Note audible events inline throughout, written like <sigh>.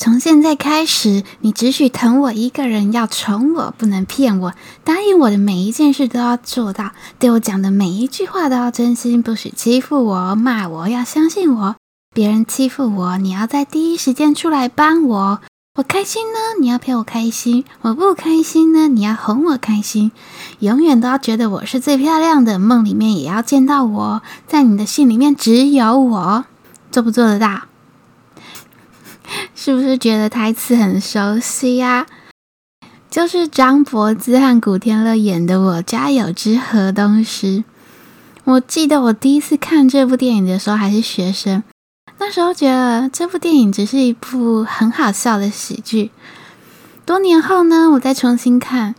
從現在開始，你只許疼我一個人，要寵我，不能騙我，答應我的每一件事都要做到，對我講的每一句話都要真心，不許欺負我、罵我，要相信我。別人欺負我，你要在第一時間出來幫我。我開心呢，你要陪我開心；我不開心呢，你要哄我開心。永遠都要覺得我是最漂亮的，夢裡面也要見到我，在你的心裡面只有我。做不做得到？是不是覺得台詞很熟悉呀、啊？就是張柏芝和古天樂演的《我家有隻河東獅》。我記得我第一次看這部電影的時候還是學生，那時候覺得這部電影只是一部很好笑的喜劇。多年後呢，我再重新看，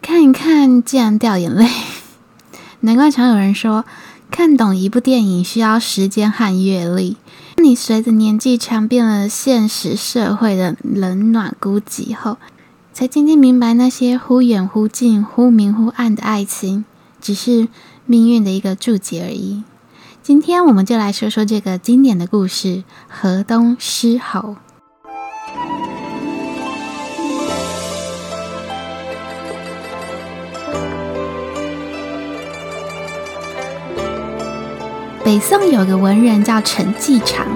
看一看竟然掉眼淚。難怪常有人說，看懂一部電影需要時間和閱歷。當你隨着年紀嘗遍了現實社會的冷暖孤寂後，才漸漸明白那些忽遠忽近、忽明忽暗的愛情，只是命運的一個注解而已。今天，我們就來說說這個經典的故事《河東獅吼》。北宋有個文人叫陳季常，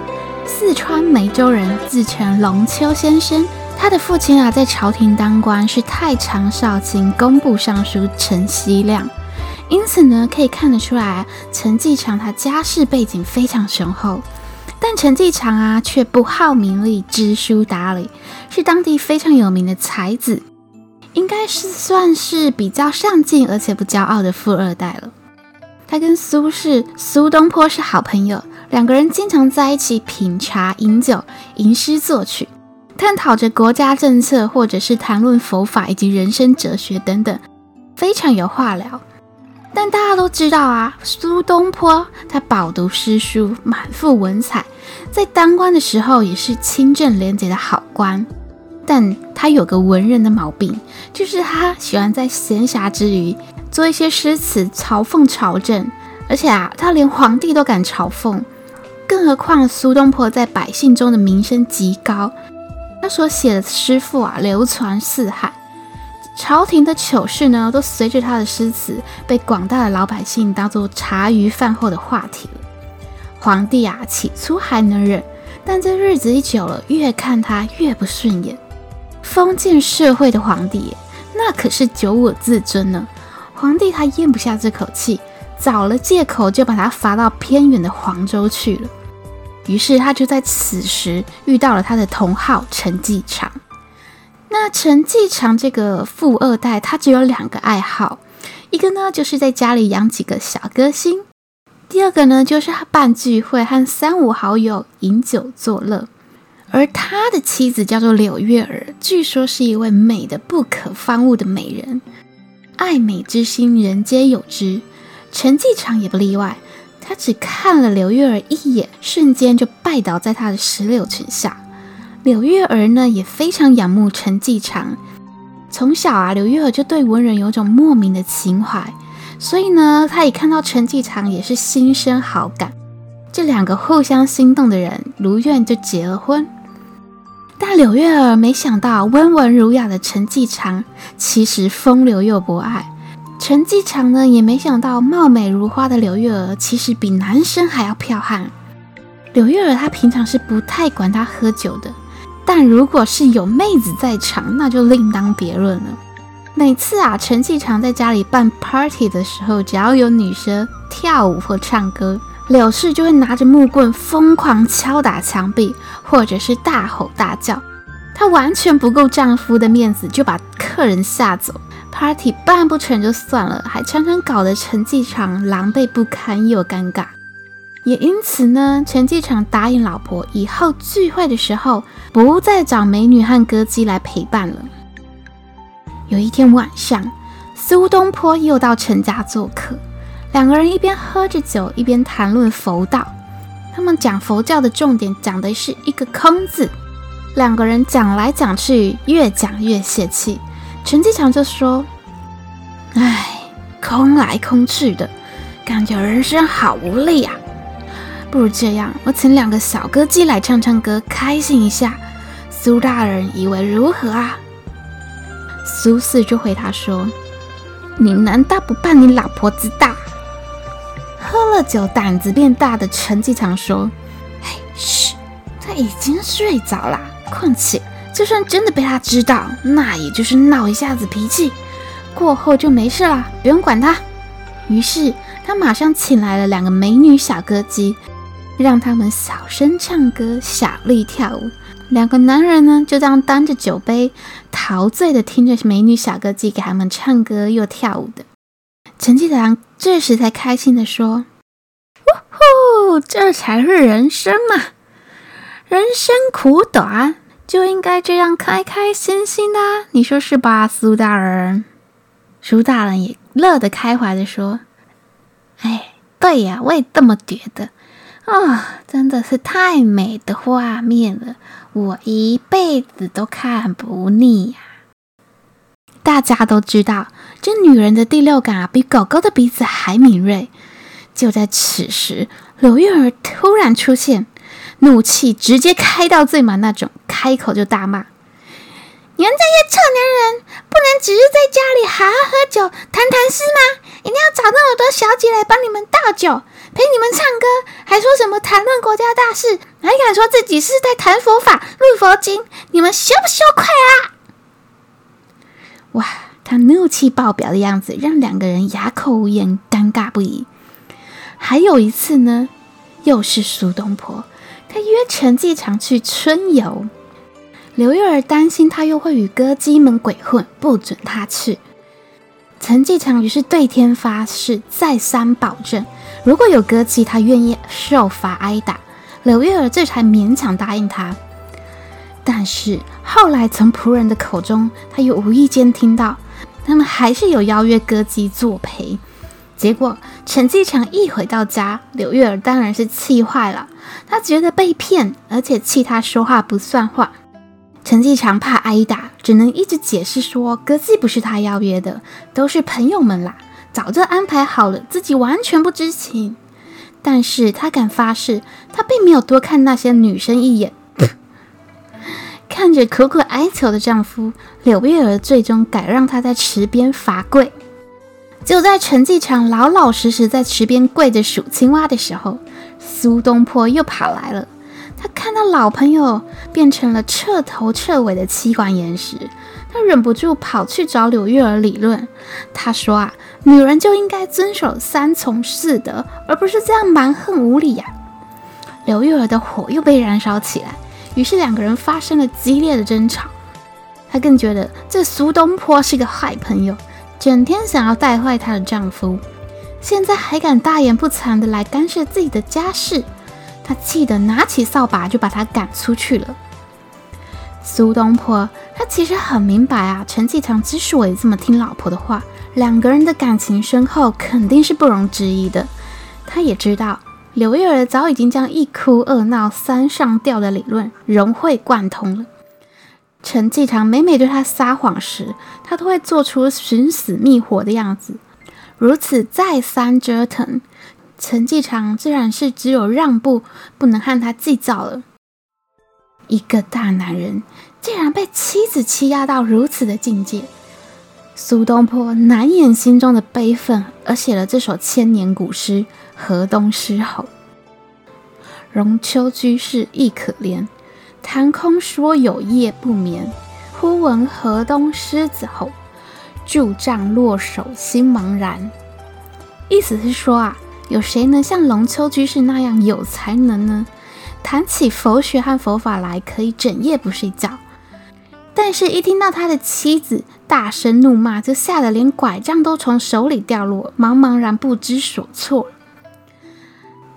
四川眉州人，自稱龍丘先生。他的父親啊在朝廷當官，是太常少卿、工部尚書陳希亮。因此呢，可以看得出來啊，陳季常他家世背景非常雄厚。但陳季常啊卻不好名利，知書達理，是當地非常有名的才子，應該是算是比較上進而且不驕傲的富二代了。他跟蘇軾、蘇東坡是好朋友，兩個人經常在一起品茶、飲酒、吟詩作曲，探討着國家政策，或者是談論佛法以及人生哲學等等，非常有話聊。但大家都知道啊，蘇東坡他飽讀詩書，滿腹文采，在當官的時候也是清正廉潔的好官。但他有個文人的毛病，就是他喜歡在閒暇之餘做一些詩詞嘲諷朝政，而且啊，他連皇帝都敢嘲諷，更何況蘇東坡在百姓中的名聲極高，他所寫的詩賦啊，流傳四海，朝廷的糗事呢，都隨着他的詩詞被廣大的老百姓當做茶餘飯後的話題了。皇帝啊，起初還能忍，但這日子一久了，越看他越不順眼。封建社會的皇帝，那可是九五至尊呢。皇帝他咽不下這口氣，找了借口就把他罰到偏遠的黃州去了。於是他就在此時遇到了他的同好陳季常。那陳季常這個富二代，他只有兩個愛好，一個呢就是在家裡養幾個小歌星，第二個呢就是他辦聚會和三五好友飲酒作樂。而他的妻子叫做柳月兒，據說是一位美得不可方物的美人。愛美之心，人皆有之，陳季常也不例外。他只看了柳月兒一眼，瞬間就拜倒在他的石榴裙下。柳月兒呢，也非常仰慕陳季常。從小啊，柳月兒就對文人有種莫名的情懷，所以呢，他一看到陳季常也是心生好感。這兩個互相心動的人，如願就結了婚。但柳月兒沒想到，溫文儒雅的陳季常其實風流又博愛。陳季常呢，也沒想到貌美如花的柳月兒其實比男生還要彪悍。柳月兒她平常是不太管他喝酒的，但如果是有妹子在場，那就另當別論了。每次啊，陳季常在家裡辦 party 的時候，只要有女生跳舞或唱歌。柳氏就會拿着木棍瘋狂敲打牆壁，或者是大吼大叫。她完全不顧丈夫的面子，就把客人嚇走。party 辦不成就算了，還常常搞得陳季常狼狽不堪又尷尬。也因此呢，陳季常答應老婆以後聚會的時候不再找美女和歌姬來陪伴了。有一天晚上，蘇東坡又到陳家做客。兩個人一邊喝着酒，一邊談論佛道。他們講佛教的重點，講的是一個“空”字。兩個人講來講去，越講越洩氣。陳季常就說：“哎，空來空去的，感覺人生好無力啊！不如這樣，我請兩個小歌姬來唱唱歌，開心一下。蘇大人以為如何啊？”蘇軾就回他說：“你難道不怕你老婆知道？”喝了酒，膽子變大的陳季常說：“嘿，噓，他已經睡着了。況且，就算真的被他知道，那也就是鬧一下子脾氣，過後就沒事了，不用管他。”於是，他馬上請來了兩個美女小歌姬，讓他們小聲唱歌、小麗跳舞。兩個男人呢，就這樣端着酒杯，陶醉地聽着美女小歌姬給他們唱歌又跳舞的陳季常，這時才開心的說：“哦吼，這才是人生嘛、啊！人生苦短，就應該這樣開開心心的、啊，你說是吧，蘇大人？”蘇大人也樂得開懷的說：“哎，對呀、啊，我也這麼覺得。啊、哦，真的是太美的畫面了，我一輩子都看不膩呀、啊！”大家都知道。這女人的第六感啊，比狗狗的鼻子還敏銳。就在此時，柳月兒突然出現，怒氣直接開到最滿那種，開口就大罵：“你們這些臭男人，不能只是在家裡好好喝酒、談談詩嗎？一定要找那麼多小姐來幫你們倒酒、陪你們唱歌，還說什麼談論國家大事，還敢說自己是在談佛法、論佛經？你們羞不羞愧啊？”哇，他怒氣爆表的樣子，讓兩個人啞口無言，尷尬不已。還有一次呢，又是蘇東坡，他約陳季常去春遊，柳月兒擔心他又會與歌姬們鬼混，不准他去。陳季常於是對天發誓，再三保證，如果有歌姬，他願意受罰挨打。柳月兒這才勉強答應他。但是後來從僕人的口中，他又無意間聽到，他們還是有邀約歌姬作陪。結果陳季常一回到家，柳月兒當然是氣壞了，他覺得被騙，而且氣他說話不算話。陳季常怕挨打，只能一直解釋說，歌姬不是他邀約的，都是朋友們啦，早就安排好了，自己完全不知情。但是他敢發誓，他並沒有多看那些女生一眼。看着苦苦哀求的丈夫柳月娥，最終改讓他在池邊罰跪。就在陳季常老老實實在池邊跪着數青蛙的時候，蘇東坡又跑來了。他看到老朋友變成了徹頭徹尾的妻管嚴時，他忍不住跑去找柳月娥理論。他說：“啊，女人就應該遵守三從四德，而不是這樣蠻橫無理呀、啊！”柳月娥的火又被燃燒起來。於是兩個人發生了激烈的爭吵，他更覺得這蘇東坡是個壞朋友，整天想要帶壞她的丈夫，現在還敢大言不慚的來干涉自己的家事，他氣得拿起掃把就把他趕出去了。蘇東坡他其實很明白啊，陳季常之所以這麼聽老婆的話，兩個人的感情深厚肯定是不容置疑的，他也知道。柳月娥早已經將一哭二鬧三上吊的理論融會貫通了。陳季常每每對她撒謊時，她都會做出尋死覓活的樣子。如此再三折騰，陳季常自然是只有讓步，不能和她計較了。一個大男人竟然被妻子欺壓到如此的境界，蘇東坡難掩心中的悲憤，而寫了這首千年古詩。河東獅吼，龍丘居士亦可憐，談空說有夜不眠，忽聞河東獅子吼，拄杖落手心茫然。意思是說啊，有誰能像龍丘居士那樣有才能呢？談起佛學和佛法來，可以整夜不睡覺，但是，一聽到他的妻子大聲怒罵，就嚇得連拐杖都從手裡掉落，茫茫然不知所措。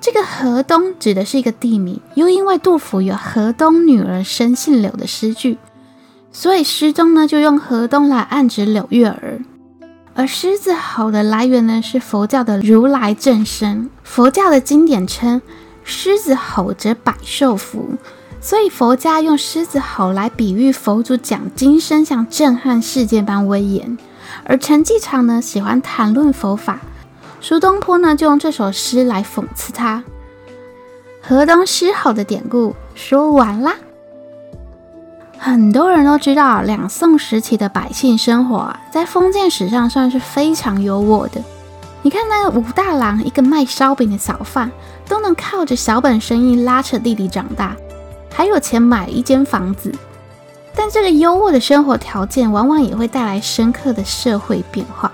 這個河東指的是一個地名，又因為杜甫有“河東女兒身，姓柳”的詩句，所以詩中呢就用河東來暗指柳月兒。而獅子吼的來源呢是佛教的如來正聲，佛教的經典稱獅子吼則百獸服，所以佛家用獅子吼來比喻佛祖講經聲像震撼世界般威嚴。而陳季常呢喜歡談論佛法。蘇東坡呢，就用這首詩來諷刺他“河東獅吼”的典故，說完啦。很多人都知道，兩宋時期的百姓生活啊，在封建史上算是非常優渥的。你看那個武大郎，一個賣燒餅的小販，都能靠着小本生意拉扯弟弟長大，還有錢買一間房子。但這個優渥的生活條件，往往也會帶來深刻的社會變化。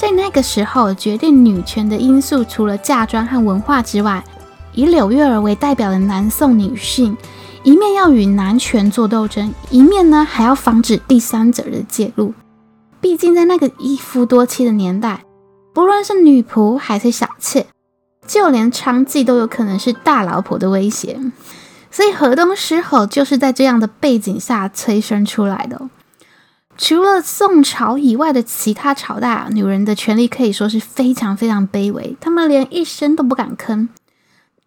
在那個時候，決定女權的因素除了嫁妝和文化之外，以柳月娥為代表的南宋女性，一面要與男權作鬥爭，一面呢還要防止第三者的介入。畢竟在那個一夫多妻的年代，不論是女僕還是小妾，就連娼妓都有可能是大老婆的威脅。所以河東獅吼就是在這樣的背景下催生出來的，哦。除了宋朝以外的其他朝代啊，女人的權利可以說是非常非常卑微，她們連一聲都不敢吭。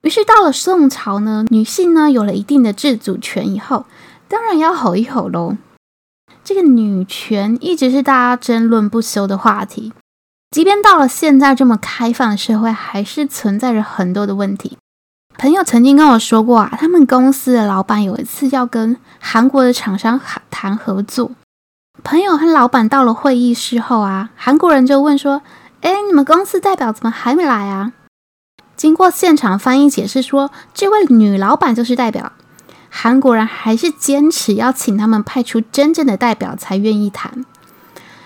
於是到了宋朝呢，女性呢有了一定的自主權以後，當然要吼一吼嘍。這個女權一直是大家爭論不休的話題，即便到了現在這麼開放的社會，還是存在着很多的問題。朋友曾經跟我說過啊，他們公司的老闆有一次要跟韓國的廠商談合作。朋友和老板到了會議室後啊，韓國人就問說：“誒，你們公司代表怎麼還沒來啊？”經過現場翻譯解釋說，這位女老板就是代表。韓國人還是堅持要請他們派出真正的代表才願意談。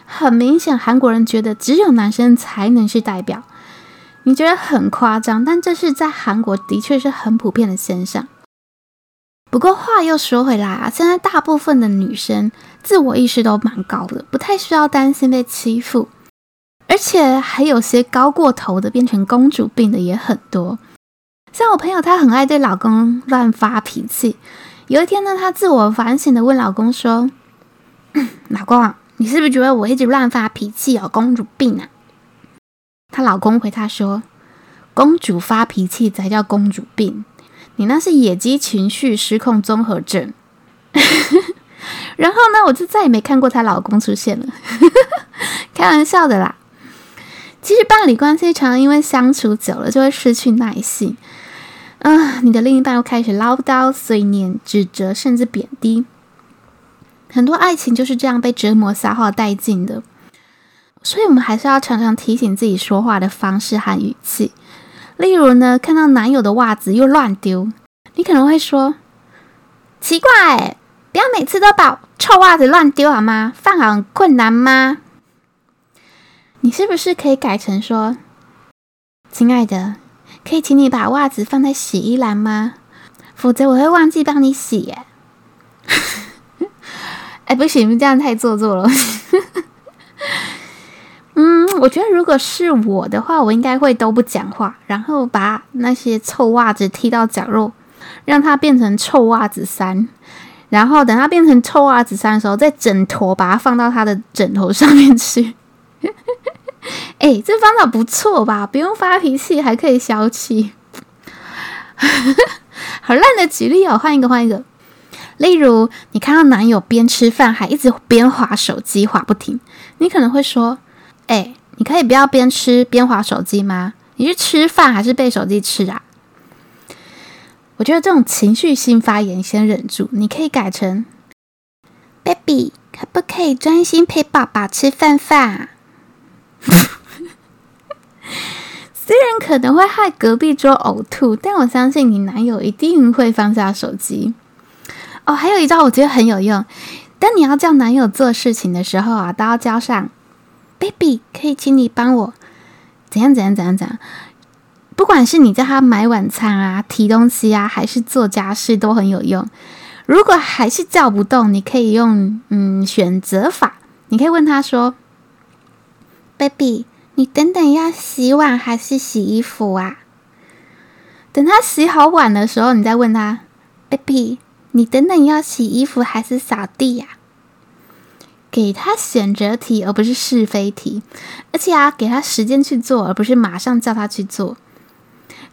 很明顯，韓國人覺得只有男生才能是代表。你覺得很誇張，但這是在韓國的確是很普遍的現象。不過話又說回來啊，現在大部分的女生。自我意識都蠻高的，不太需要擔心被欺負，而且還有些高過頭的，變成公主病的也很多。像我朋友，她很愛對老公亂發脾氣。有一天呢，她自我反省的問老公說：“老公啊，你是不是覺得我一直亂發脾氣有公主病啊？”她老公回她說：“公主發脾氣才叫公主病，你那是野雞情緒失控綜合症。 <laughs> ”然後呢，我就再也沒看過她老公出現了。 <laughs> 開玩笑的啦，其實伴侶關係常常因為相處久了就會失去耐性。啊、呃，你的另一半又開始嘮叨、碎念、指責，甚至貶低。很多愛情就是這樣被折磨消耗殆盡的。所以，我們還是要常常提醒自己說話的方式和語氣。例如呢，看到男友的襪子又亂丟，你可能會說：“奇怪！”不要每次都把臭襪子亂丟好、啊、嗎？放好很困難嗎？你是不是可以改成說：“親愛的，可以請你把襪子放在洗衣籃嗎？否則我會忘記幫你洗、啊。”哎，不行，這樣太做作了。 <laughs> 嗯，我覺得如果是我的話，我應該會都不講話，然後把那些臭襪子踢到角落，讓它變成臭襪子山。然後等他變成臭襪子上的時候，再整坨把它放到他的枕頭上面去。哎、 <laughs> 欸，這方法不錯吧？不用發脾氣，還可以消氣。 <laughs> 好爛的舉例哦，換一個，換一個。例如，你看到男友邊吃飯還一直邊滑手機，滑不停，你可能會說：“哎、欸，你可以不要邊吃邊滑手機嗎？你是吃飯還是被手機吃啊？”我覺得這種情緒性發言先忍住，你可以改成 “baby，可不可以專心陪爸爸吃飯飯？” <laughs> 雖然可能會害隔壁桌嘔吐，但我相信你男友一定會放下手機。哦、oh，還有一招，我覺得很有用。當你要叫男友做事情的時候啊，都要叫上 “baby，可以請你幫我怎樣怎樣怎樣怎樣。”不管是你叫他買晚餐啊，提東西啊，還是做家事，都很有用。如果還是叫不動，你可以用嗯選擇法，你可以問他說：“Baby，你等等要洗碗還是洗衣服啊？”等他洗好碗的時候，你再問他：“Baby，你等等要洗衣服還是掃地呀？”給他選擇題，而不是是非題，而且啊，給他時間去做，而不是馬上叫他去做。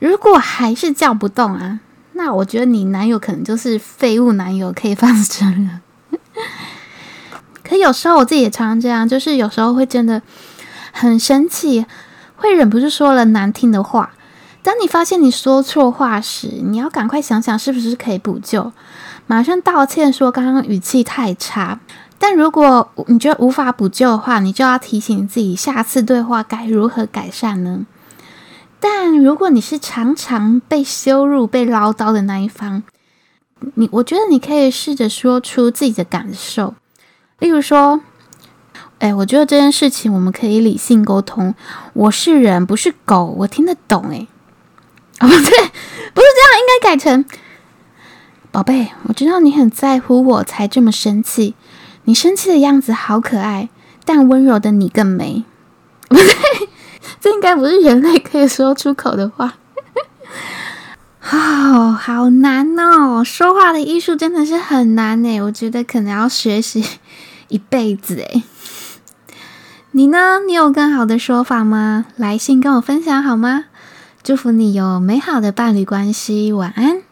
如果還是叫不動啊，那我覺得你男友可能就是廢物男友，可以放生了。 <laughs> 可有時候我自己也常常這樣，就是有時候會真的很生氣，會忍不住說了難聽的話。當你發現你說錯話時，你要趕快想想是不是可以補救，馬上道歉說剛剛語氣太差。但如果你覺得無法補救的話，你就要提醒自己下次對話該如何改善呢？但如果你是常常被羞辱、被嘮叨的那一方，你我覺得你可以試着說出自己的感受，例如說：“哎，欸，我覺得這件事情我們可以理性溝通。我是人，不是狗，我聽得懂欸。”哎，哦，不對，不是這樣，應該改成：“寶貝，我知道你很在乎我，才這麼生氣。你生氣的樣子好可愛，但溫柔的你更美。”不對。這應該不是人類可以說出口的話， <laughs> 哦，好難哦，說話的藝術真的是很難誒，我覺得可能要學習一輩子誒。你呢？你有更好的說法嗎？來信跟我分享好嗎？祝福你有美好的伴侶關係，晚安。